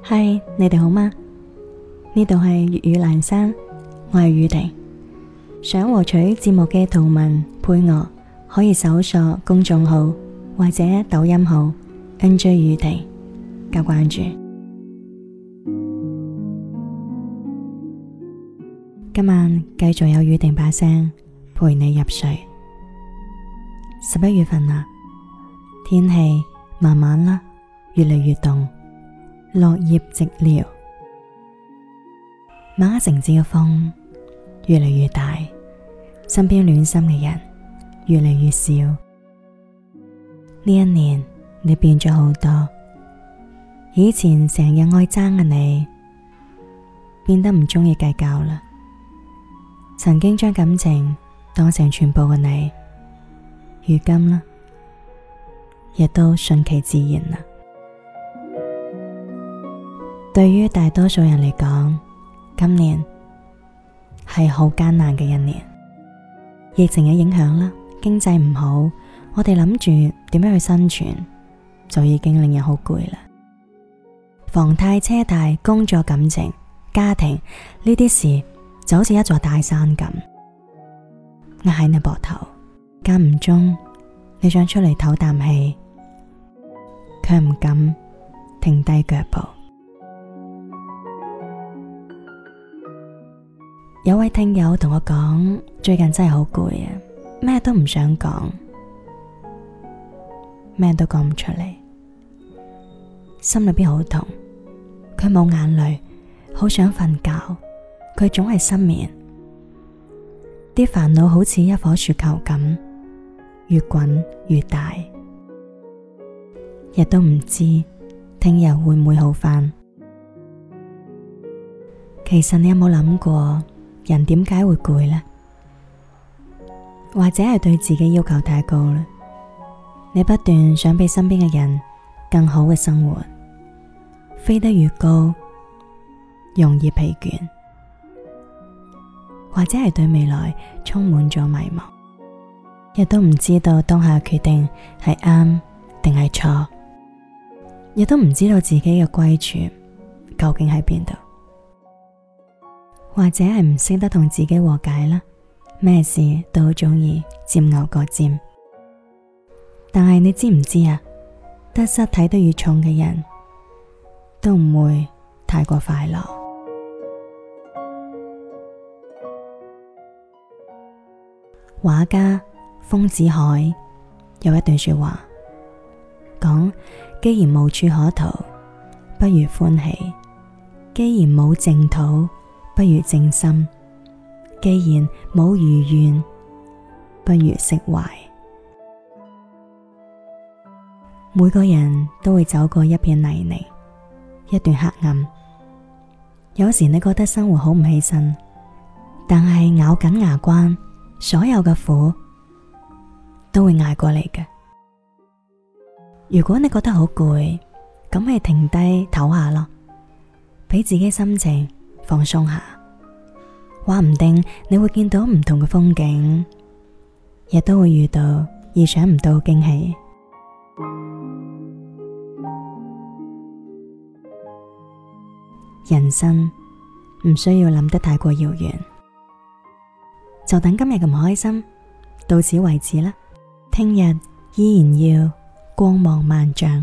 嗨，Hi, 你哋好嗎？呢度係粵語闌珊，我係宇婷。想獲取節目嘅圖文配樂，可以搜索公眾號或者抖音號 NJ 宇婷加關注。今晚繼續有宇婷把聲陪你入睡。十一月份啦，天氣。慢慢啦，越嚟越凍，落葉寂寥。晚黑城市嘅風越嚟越大，身邊暖心嘅人越嚟越少。呢一年你變咗好多，以前成日愛爭嘅你，變得唔中意計較啦。曾經將感情當成全部嘅你，如今啦。亦都順其自然啦。對於大多數人嚟講，今年係好艱難嘅一年，疫情嘅影響啦，經濟唔好，我哋諗住點樣去生存，就已經令人好攰啦。房貸、車貸、工作、感情、家庭呢啲事，就好似一座大山咁壓喺你膊頭，間唔中你想出嚟唞啖氣，卻唔敢停低腳步。有位聽友同我講，最近真係好攰啊，咩都唔想講，咩都講唔出嚟，心裏邊好痛。佢冇眼淚，好想瞓覺，佢總係失眠，啲煩惱好似一顆雪球咁越滾越大。亦都唔知聽日會唔會好翻。其實你有冇諗過，人點解會攰呢？或者係對自己要求太高啦。你不斷想俾身邊嘅人更好嘅生活，飛得越高，容易疲倦。或者係對未來充滿咗迷茫，亦都唔知道當下決定係啱定係錯。亦都唔知道自己嘅歸處究竟喺邊度，或者係唔識得同自己和解啦，咩事都好中意鑽牛角尖，但係你知唔知啊？得失睇得越重嘅人，都唔會太過快樂。畫家豐子愷有一段說話。講，既然無處可逃，不如歡喜；既然冇淨土，不如靜心；既然冇如願，不如釋懷。每個人都會走過一片泥濘，一段黑暗。有時你覺得生活好唔起身，但係咬緊牙關，所有嘅苦都會挨過嚟嘅。如果你覺得好攰，咁咪停低唞下咯，俾自己心情放鬆下，話唔定你會見到唔同嘅風景，亦都會遇到意想唔到嘅驚喜。人生唔需要諗得太過遙遠，就等今日嘅唔開心到此為止啦。聽日依然要光芒萬丈。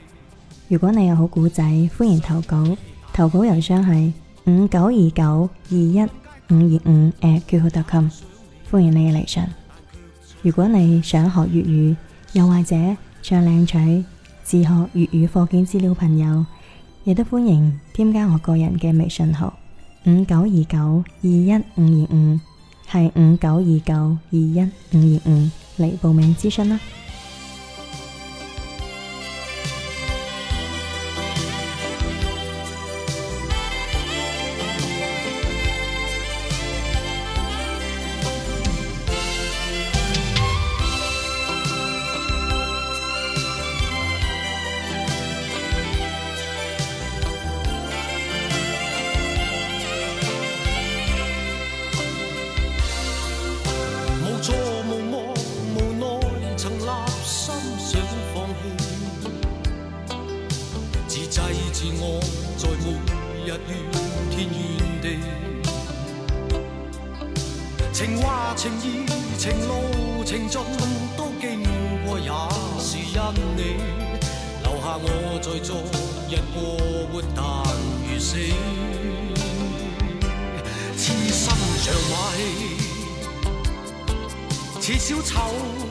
如果你有好古仔，歡迎投稿，投稿郵箱係五九二九二一五二五 @QQ.com，歡迎你嘅嚟信。如果你想學粵語，又或者想領取自學粵語課件資料，朋友亦都歡迎添加我個人嘅微信號五九二九二一五二五，係五九二九二一五二五嚟報名諮詢啦。曾立心想放棄，自制自我在每日怨天怨地，情話、情意、情路情盡都經過，也是因你留下我在昨日過活，但如死痴心像謎，似小丑。